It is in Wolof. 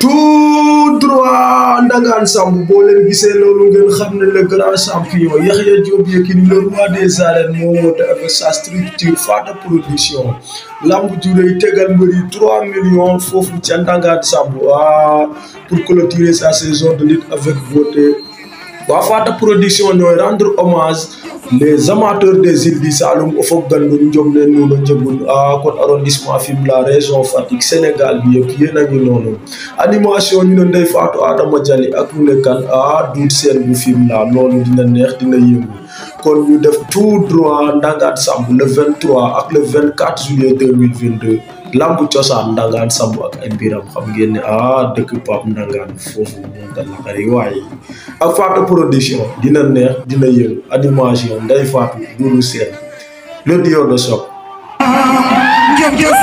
tout droit Ndangaan Samb boo leen gisee loolu ngeen xam ne le grand champion Yaxya Diop Yékini le roi des arènes moo woote avec sa structure Fata production lamb jurey tegal millions foofu ca Ndangaan Samb waa pour clôturer sa saison de lutte avec beauté waa Fata production ñooy rendre hommage. les amateurs des îles du Saloum o fogganɗum jomne nuno jegun a code arrondissement fimla région fatick sénégal mbiyo yenani nono animation ni no ndey fatou adama diali ak ne kan a duut seen bu fimla loolu dina neex dina yëngu kon ñu def tout droit ndangaan samb le 23 ak le 24 juillet 2022 làmb cosaan ndangaan samb ak ay mbiram xam ngeen ne ah, dëkk pap ndangaan foofu moom da naqari waaye ak Fatou production dina neex dina yëngu animation nday Fatou Doudou Sène le duo de choc ah,